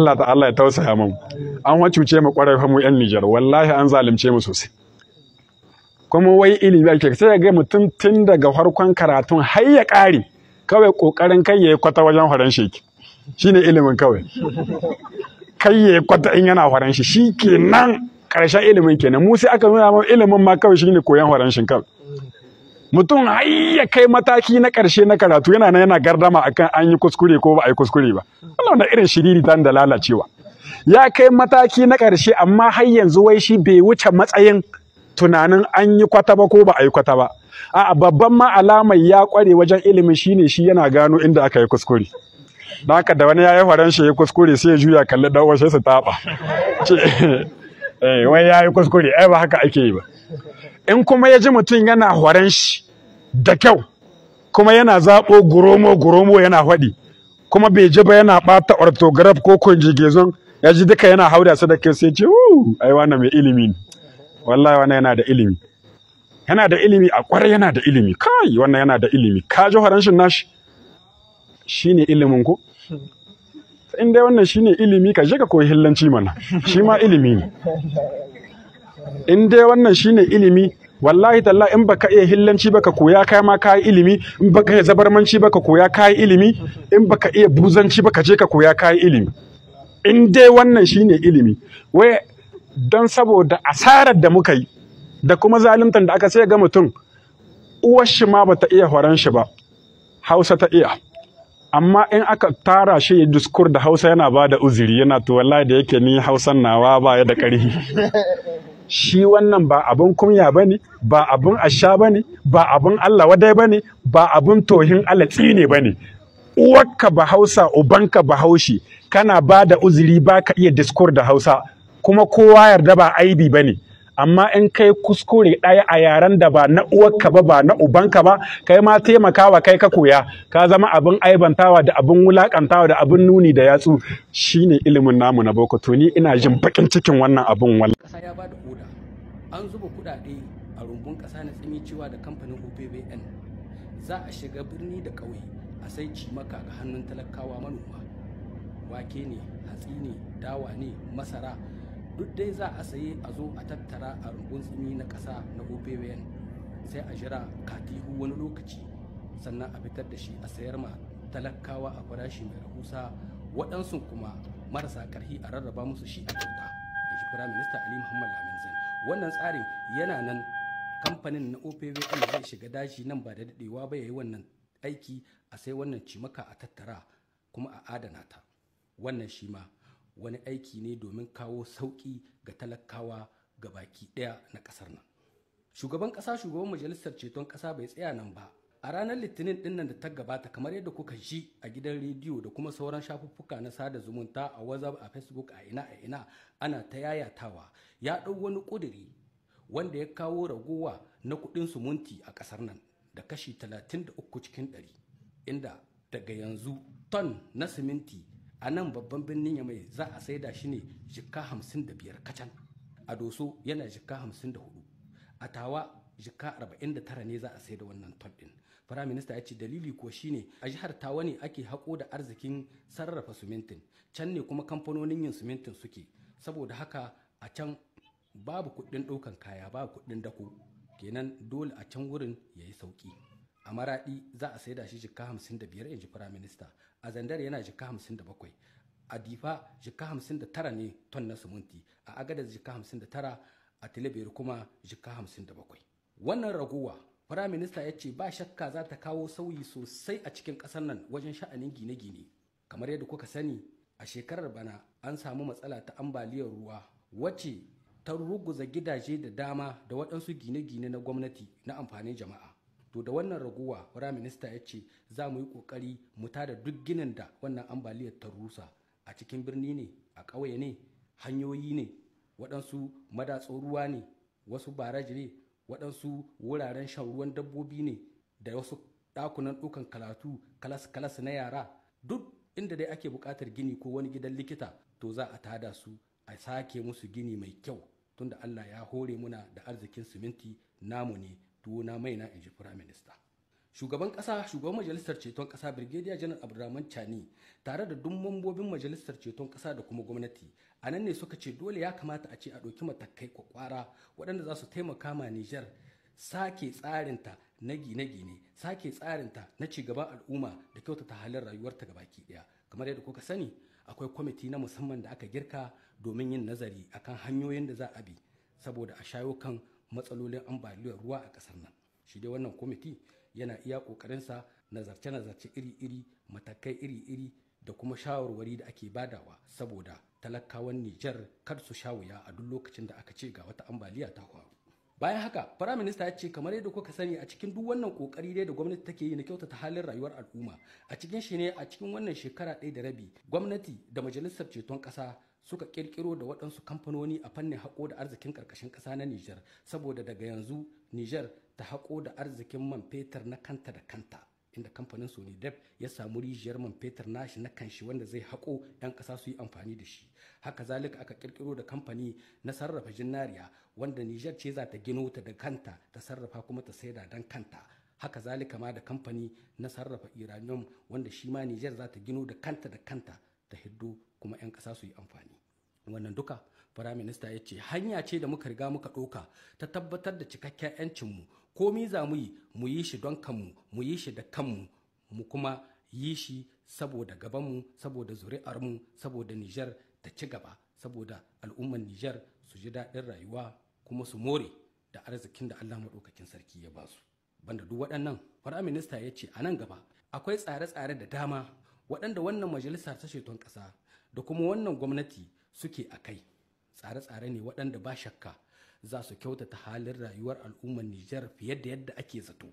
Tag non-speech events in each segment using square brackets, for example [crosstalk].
Allah ta Allah ya tausaya mu an wacuce mu kwarai fa mu yan Nijar wallahi an zalunce mu sosai kuma wai ilimi ake sai ga mutum tun daga farkon karatun har ya kare kawai kokarin kai yayi kwata wajen horon sheki shine ilimin kawai kai yayi kwata in yana horon shi shikenan ƙarshen ilimin kenan mu sai aka nuna mu ilimin ma kawai shine koyan horon shin kawai mutum har ya kai mataki na ƙarshe na karatu yana nan yana gardama akan an yi kuskure ko ba a yi kuskure ba wannan na irin shiriri tan da lalacewa ya kai mataki na ƙarshe amma har yanzu wai shi bai wuce matsayin tunanin an yi kwata ba ko ba a yi kwata ba a'a babban ma alama ya ƙware wajen ilimin shine shi yana gano inda aka yi kuskure da haka da wani ya yi faran shi ya kuskure sai ya juya kalli dan uwan sai su taba [laughs] eh, wai ya yi kuskure ai ba haka ake yi ba in kuma ya ji mutum yana horon shi da kyau kuma yana zaɓo guromo guromo yana haɗi kuma bai ji ba yana ɓata orthograph ko conjugation ya ji duka yana hauda su da kyau sai ce ai wannan mai ilimi ne wallahi wannan yana da ilimi yana da ilimi a ƙwarar yana da ilimi kai wannan yana da ilimi ka ji horon shi nashi shine ilimin ko in dai wannan shine ilimi ka je ka koyi hillanci mana shi ma ilimi ne in dai wannan shine ilimi wallahi talla in baka iya hillanci baka koya kai ma kai ilimi in baka iya zabarmanci baka koya kai ilimi in baka iya buzanci baka je ka koya kai ilimi in dai wannan shine ilimi wai don saboda asarar da muka yi da kuma zaluntar da aka sai ga mutum uwar shi ma bata iya horon shi ba hausa ta iya amma in aka tara shi ya diskur da hausa yana ba da uziri yana to wallahi da yake ni hausan nawa ba ya da ƙarfi [laughs] shi wannan ba abin kunya ba ne ba abin asha ba ne ba abin allah wadai ba ne ba abin tohin alatsi ne ba ne uwarka ba hausa ubanka ba haushi kana ba da uzuri ba ka iya diskur da hausa kuma kowa yarda ba aibi ba ne amma in kai kuskure ɗaya a yaren da ba na uwarka ba ba na ubanka ba kai ma taimakawa kai ka koya ka zama abin aibantawa da abin wulakantawa da abin nuni da yatsu shine ilimin namu na boko to ina jin bakin cikin wannan abin wallahi kasa ya bada oda an zuba kuɗaɗe a rumbun kasa na tsimi cewa da kamfanin OPBN za a shiga birni da ƙauye a sai maka ga hannun talakawa manoma wake ne hatsi ne dawa ne masara duk dai za a saye a zo a tattara a rungun tsimi na ƙasa na opbn sai a jira katihu wani lokaci sannan a fitar da shi a sayar ma talakawa a farashi mai rahusa waɗansu kuma marasa ƙarfi a rarraba musu shi a kyauta in shi firayim minista ali muhammad lamin zain wannan tsarin yana nan kamfanin na opbn zai shiga daji nan ba da daɗewa ba ya yi wannan aiki a sai wannan cimaka a tattara kuma a adana ta wannan shi ma wani aiki ne domin kawo sauƙi ga talakawa ga baki ɗaya na ƙasar nan shugaban ƙasa shugaban majalisar ceton ƙasa bai tsaya nan ba a ranar litinin ɗinnan da ta gabata kamar yadda kuka ji a gidan rediyo da kuma sauran shafuffuka na sada zumunta a whatsapp a facebook a ina a ina ana ta yayatawa ya ɗau wani ƙudiri wanda ya kawo ragowa na kuɗin sumunti a ƙasar nan da kashi 33 cikin 100 inda daga yanzu ton na siminti a nan babban birnin ya mai za a saida shi ne jikka hamsin da biyar kacan a doso yana jikka hamsin da hudu a tawa jikka arba'in da tara ne za a saida wannan ton din firaminista ya ce dalili ko shine a jihar tawa ne ake hako da arzikin sarrafa sumintin can ne kuma kamfanonin yin sumintin suke saboda haka a can babu kuɗin ɗaukan kaya babu kuɗin dako kenan dole a can wurin ya yi sauƙi a maraɗi za a saida shi jika hamsin da biyar inji firaminista a zandar yana jika hamsin da bakwai a difa jika hamsin da tara ne ton na sumunti. a Agadar jika hamsin da tara a talibir kuma jika hamsin da bakwai wannan raguwa firaminista ya ce ba shakka za ta kawo sauyi sosai a cikin ƙasar nan wajen sha'anin gine-gine kamar yadda kuka sani a shekarar bana an samu matsala ta ambaliyar ruwa wacce ta ruguza gidaje da dama da waɗansu gine-gine na gwamnati na amfanin jama'a to da wannan raguwa prime minista ya ce za mu yi kokari mu tada duk ginin da wannan ambaliyar ta rusa a cikin birni ne a ƙauye ne hanyoyi ne waɗansu madatsun ruwa ne wasu baraji ne waɗansu wuraren shan ruwan dabbobi ne da wasu ɗakunan ɗaukan kalatu kalas kalas na yara duk inda dai ake buƙatar gini ko wani gidan likita to za a tada su a sake musu gini mai kyau tunda Allah ya hore muna da arzikin siminti namu ne tuna mai na inji firayim minista shugaban kasa shugaban majalisar ceton kasa brigadier janar abdurrahman chani tare da duk mambobin majalisar ceton kasa da kuma gwamnati a nan ne suka ce dole ya kamata a ce a ɗauki matakai kwakwara waɗanda za su taimaka ma nijar sake tsarinta na gine-gine sake tsarinta na ci gaban al'umma da kyautata halin rayuwarta ga baki ɗaya kamar yadda kuka sani akwai kwamiti na musamman da aka girka domin yin nazari akan hanyoyin da za a bi saboda a shayo kan matsalolin ambaliyar ruwa a ƙasar nan shi dai wannan kwamiti yana iya ƙoƙarinsa nazarce-nazarce iri-iri matakai iri-iri da kuma shawarwari da ake badawa saboda talakawan Nijar kar su sha wuya a duk lokacin da aka ce ga wata ambaliya ta faru. Bayan haka, Firaminista ya ce kamar yadda kuka sani a cikin duk wannan kokari dai da gwamnati take yi na kyautata halin rayuwar al'umma, a cikin shi ne a cikin wannan shekara ɗaya da rabi, gwamnati da majalisar ceton ƙasa suka kirkiro da waɗansu kamfanoni a fannin haƙo da arzikin ƙarƙashin ƙasa na Nijar saboda daga yanzu Nijar ta haƙo da arzikin man fetur na kanta da kanta inda kamfanin Sonidep ya samu rijiyar man fetur nashi na kanshi wanda zai haƙo ɗan ƙasa su yi amfani da shi haka zalika aka kirkiro da kamfani na sarrafa jinnariya wanda Nijar ce za ta gino ta da kanta ta sarrafa kuma ta saida dan kanta haka zalika ma da kamfani na sarrafa uranium wanda shi ma Nijar za ta gino da kanta da kanta ta hiddo kuma 'yan ƙasa su yi amfani wannan duka firaminista ya ce hanya ce da muka riga muka ɗauka ta tabbatar da cikakken 'yancinmu komi za mu yi mu yi shi don kanmu mu yi shi da kanmu mu kuma yi shi saboda gabanmu saboda zuri'armu saboda nijar ta ci gaba saboda al'ummar nijar su ji daɗin rayuwa kuma su more da arzikin da allah maɗaukakin sarki ya ba su banda duk waɗannan firaminista ya ce a nan gaba akwai tsare-tsare da dama waɗanda wannan majalisar ta ceton ƙasa da kuma wannan gwamnati suke a kai tsare-tsare ne waɗanda ba shakka za su kyautata halin rayuwar al'ummar Nijar fiye da yadda ake zato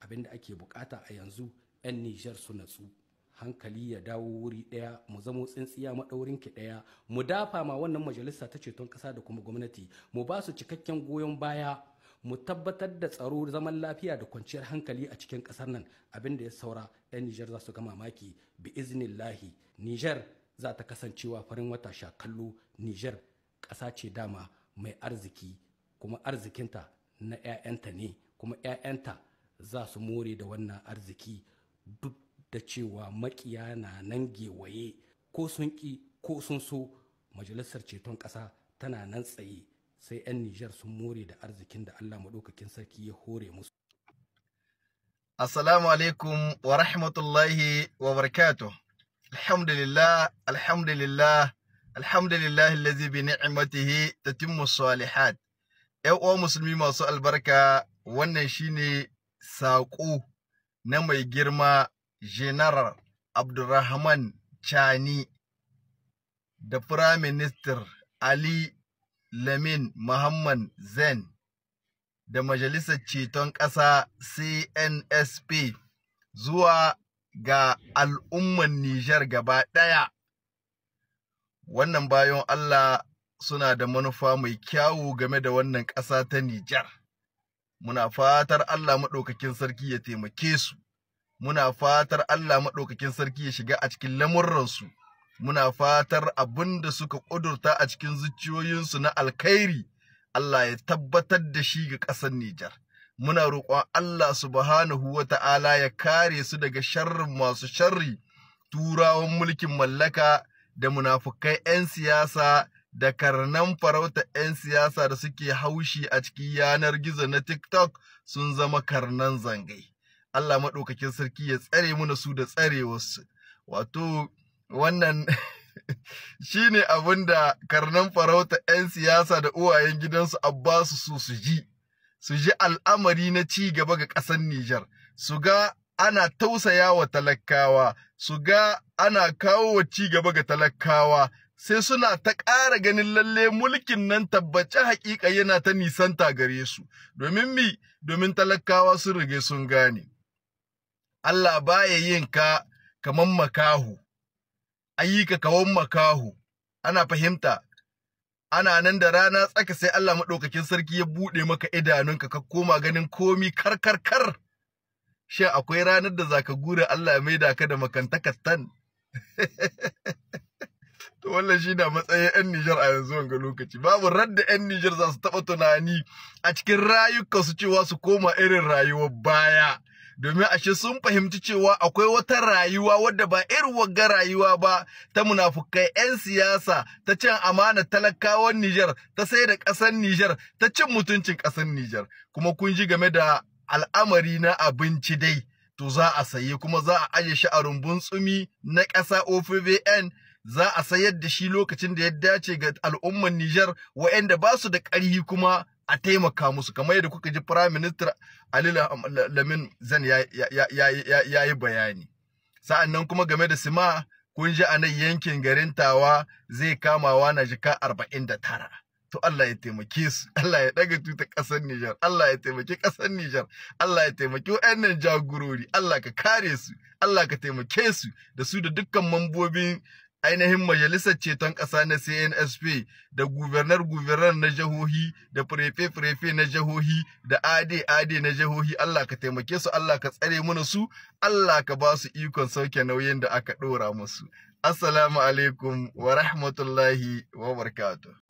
abinda ake bukata a yanzu 'yan Nijar su natsu hankali ya dawo wuri ɗaya mu zamo tsintsiya maɗaurin ki ɗaya mu dafa ma wannan majalisa ta ceton ƙasa da kuma gwamnati mu ba su cikakken goyon baya mu tabbatar da tsaro zaman lafiya da kwanciyar hankali a cikin ƙasar nan abinda ya saura 'yan Nijar za su ga mamaki bi iznillahi Nijar za ta kasancewa farin wata sha kallo Nijar ƙasa ce dama mai arziki kuma arzikinta na 'ya'yanta ne kuma 'ya'yanta za su more da wannan arziki duk da cewa makiya na nan gewaye ko sun ƙi ko sun so majalisar ceton ƙasa tana nan tsaye sai 'yan Nijar sun more da arzikin da Allah maɗaukakin sarki ya hore musu. Assalamu alaikum wa rahmatullahi wa barakatuh. Alhamdulillah, alhamdulillah, alhamdulillah lazi bi ni'imatihi tatimmu salihat. uwa musulmi masu albarka wannan shine saƙo na mai girma General abdulrahman Chani da Firaministan Ali Lamin Muhammad Zain da Majalisar Ceton Ƙasa CNSP zuwa ga al'umman Nijar gaba ɗaya. Wannan bayan Allah suna da manufa mai kyawu game da wannan ƙasa ta Nijar. Muna fatar Allah maɗaukakin sarki ya taimake su, muna fatar Allah maɗaukakin sarki ya shiga a cikin lamurransu. muna fatar abin da suka ƙudurta a cikin zuciyoyinsu na alkhairi Allah ya tabbatar da shi ga ƙasar Nijar. Muna roƙon Allah subhanahu wa ta'ala ya kare su daga sharrin masu sharri, turawan mulkin mallaka da munafukai 'yan siyasa da karnan farauta 'yan siyasa da suke haushi a cikin yanar gizo na TikTok sun zama karnan zangai. Allah maɗaukakin sarki ya tsare muna su da tsarewarsu. Wato, wannan [laughs] shi ne abin da karnan farauta 'yan siyasa da uwayen gidansu abbasu su su ji su ji al'amari na ci gaba ga ƙasar Nijar su ga ana tausaya wa talakawa su ga ana kawo wa ci gaba ga talakawa sai suna ta ƙara ganin lalle mulkin nan tabbaci haƙiƙa yana ta nisanta gare su domin mi domin talakawa sun rige sun gane Allah baya yin ka kamar makahu ayyuka makaho, kawon makahu ana fahimta ana nan da rana tsaka sai Allah madaukakin sarki ya buɗe maka idanunka ka koma ganin komi karkarkar shin akwai ranar da zaka gura Allah ya maida ka da makantakattan [laughs] to wallan shi na matsayin 'yan Nijar a yanzu wanga lokaci babu radda 'yan Nijar za su taɓa tunani a cikin rayuka su cewa su koma irin rayuwar baya domin ashe sun fahimci cewa akwai wata rayuwa wadda ba irin wagga rayuwa ba ta munafukai 'yan siyasa ta cin amana talakawan Nijar ta sai da ƙasar Nijar ta cin mutuncin ƙasar Nijar kuma kun ji game da al'amari na abinci dai to za a saye kuma za a aje shi a rumbun tsumi na ƙasa OFVN za a sayar da shi lokacin da ya dace ga al'ummar Nijar waɗanda ba su da ƙarhi kuma a taimaka musu kamar yadda kuka ji prime minister Ali Lamin Zan ya yi bayani nan kuma game da sima kun ji a yankin garin tawa zai kamawa na jika arba'in da tara. to Allah ya taimake su [laughs] Allah ya daga tuta ƙasar Nijar Allah ya taimake kasar Nijar Allah ya taimake wayannan jagurori Allah ka kare su Allah ka taimake su da su da dukkan mambobin ainihin majalisar ceton ƙasa na CNSP da gubernar gubernar na jihohi da firefe-firefe na jihohi da ade-ade na jihohi Allah ka taimake su Allah ka tsare mana su Allah ka ba su ikon sauke nauyin da aka ɗora musu. Assalamu alaikum wa rahmatullahi wa barakatuh.